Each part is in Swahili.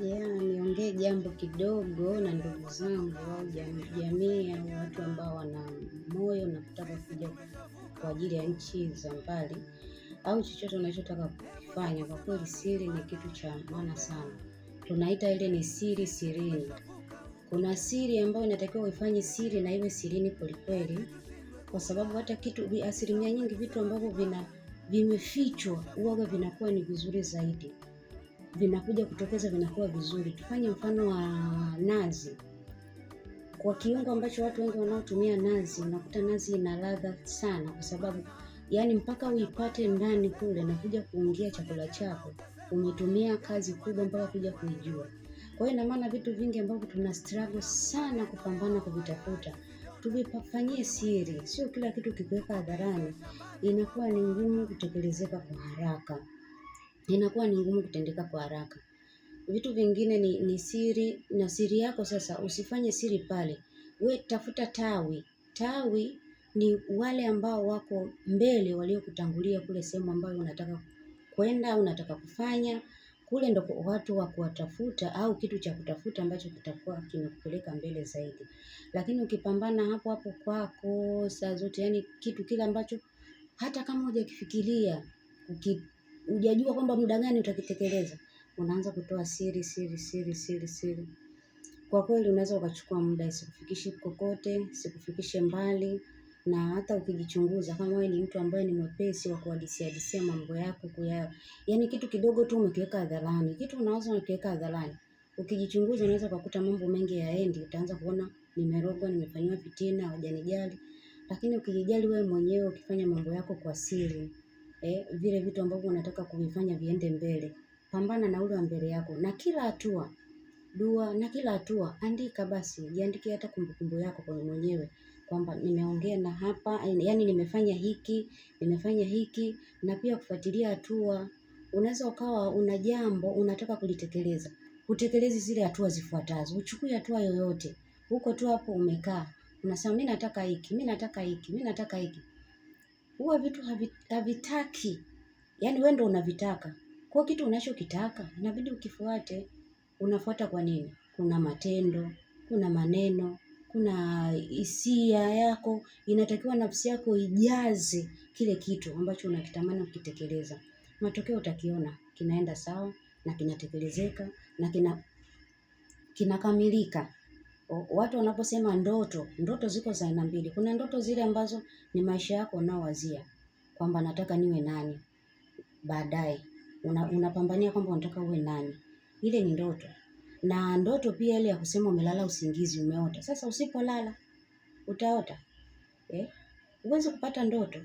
Yeah, niongee jambo kidogo na ndugu zangu au jamii au watu ambao wana moyo na kutaka kuja kwa ajili ya nchi za mbali au chochote unachotaka kufanya. Kwa kweli, siri ni kitu cha maana sana, tunaita ile ni siri sirini. Kuna siri ambayo inatakiwa uifanye siri na iwe sirini kwelikweli, kwa sababu hata kitu asilimia nyingi vitu ambavyo vina vimefichwa huwaga vinakuwa ni vizuri zaidi vinakuja kutokeza, vinakuwa vizuri. Tufanye mfano wa nazi kwa kiungo ambacho watu wengi wanaotumia nazi, unakuta nazi ina ladha sana, kwa sababu yani mpaka uipate ndani kule na kuja kuingia chakula chako, umetumia kazi kubwa mpaka kuja kuijua. Kwa hiyo ina maana vitu vingi ambavyo tuna struggle sana kupambana kuvitafuta tuvifanyie siri, sio kila kitu kikiweka hadharani inakuwa ni ngumu kutekelezeka kwa haraka inakuwa ni ngumu kutendeka kwa haraka. Vitu vingine ni, ni siri na siri yako sasa usifanye siri pale. We tafuta tawi. Tawi ni wale ambao wako mbele waliokutangulia kule sehemu ambayo unataka kwenda unataka kufanya. Kule ndo watu wa kuwatafuta au kitu cha kutafuta ambacho kitakuwa kimekupeleka mbele zaidi. Lakini ukipambana hapo hapo kwako saa zote, yani kitu kile ambacho hata kama hujakifikiria hujajua kwamba muda gani utakitekeleza, unaanza kutoa siri siri siri siri siri. Kwa kweli unaweza ukachukua muda, isikufikishe kokote, sikufikishe mbali. Na hata ukijichunguza kama wewe ni mtu ambaye ni mwepesi wa kuhadisia hadisia mambo yako kuya, yaani kitu kidogo tu umekiweka hadharani, kitu unaweza ukiweka hadharani, ukijichunguza unaweza ukakuta mambo mengi yaendi. Utaanza kuona nimerogwa, nimefanyiwa fitina, hawajanijali. Lakini ukijijali wewe mwenyewe, ukifanya mambo yako kwa siri eh, vile vitu ambavyo unataka kuvifanya viende mbele. Pambana na ule wa mbele yako, na kila hatua dua, na kila hatua andika. Basi jiandikie hata kumbukumbu yako kwa mwenyewe kwamba nimeongea na hapa, yani nimefanya hiki, nimefanya hiki, na pia kufuatilia hatua. Unaweza ukawa una jambo unataka kulitekeleza, utekelezi zile hatua zifuatazo, uchukue hatua yoyote. Huko tu hapo umekaa unasema, mimi nataka hiki, mimi nataka hiki, mimi nataka hiki huwa vitu havitaki, yaani wewe ndio unavitaka. Kwa kitu unachokitaka inabidi ukifuate. Unafuata kwa nini? Kuna matendo, kuna maneno, kuna hisia yako, inatakiwa nafsi yako ijaze kile kitu ambacho unakitamani ukitekeleza. Matokeo utakiona kinaenda sawa na kinatekelezeka na kina kinakamilika watu wanaposema ndoto, ndoto ziko za aina mbili. Kuna ndoto zile ambazo ni maisha yako unaowazia kwamba nataka niwe nani baadaye, unapambania una kwamba unataka uwe nani, ile ni ndoto. Na ndoto pia ile ya kusema umelala usingizi, umeota. Sasa usipolala utaota eh? Uweze kupata ndoto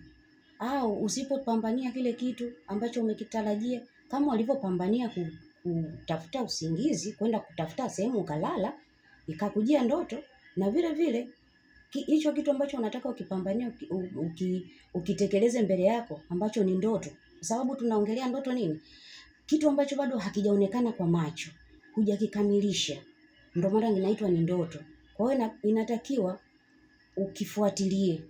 au usipopambania kile kitu ambacho umekitarajia, kama walivyopambania kutafuta usingizi, kwenda kutafuta sehemu ukalala ikakujia ndoto na vile vile hicho kitu ambacho unataka ukipambania ukitekeleze mbele yako ambacho ni ndoto, kwa sababu tunaongelea ndoto nini? Kitu ambacho bado hakijaonekana kwa macho, hujakikamilisha, ndio maana inaitwa ni ndoto. Kwa hiyo inatakiwa ukifuatilie.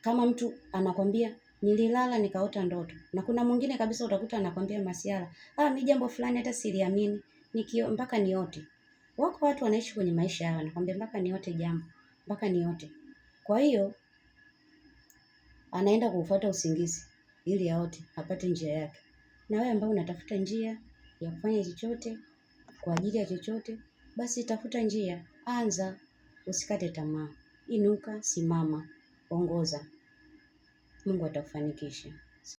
Kama mtu anakwambia nililala nikaota ndoto, na kuna mwingine kabisa utakuta anakwambia masiala, ah, mimi jambo fulani hata siliamini nikio mpaka niote. Wako watu wanaishi kwenye maisha yao, nakwambia mpaka niote jambo, mpaka niote. Kwa hiyo anaenda kuufuata usingizi ili aote, apate njia yake. Na wewe ambao unatafuta njia ya kufanya chochote kwa ajili ya chochote, basi tafuta njia, anza, usikate tamaa, inuka, simama, ongoza. Mungu atakufanikisha.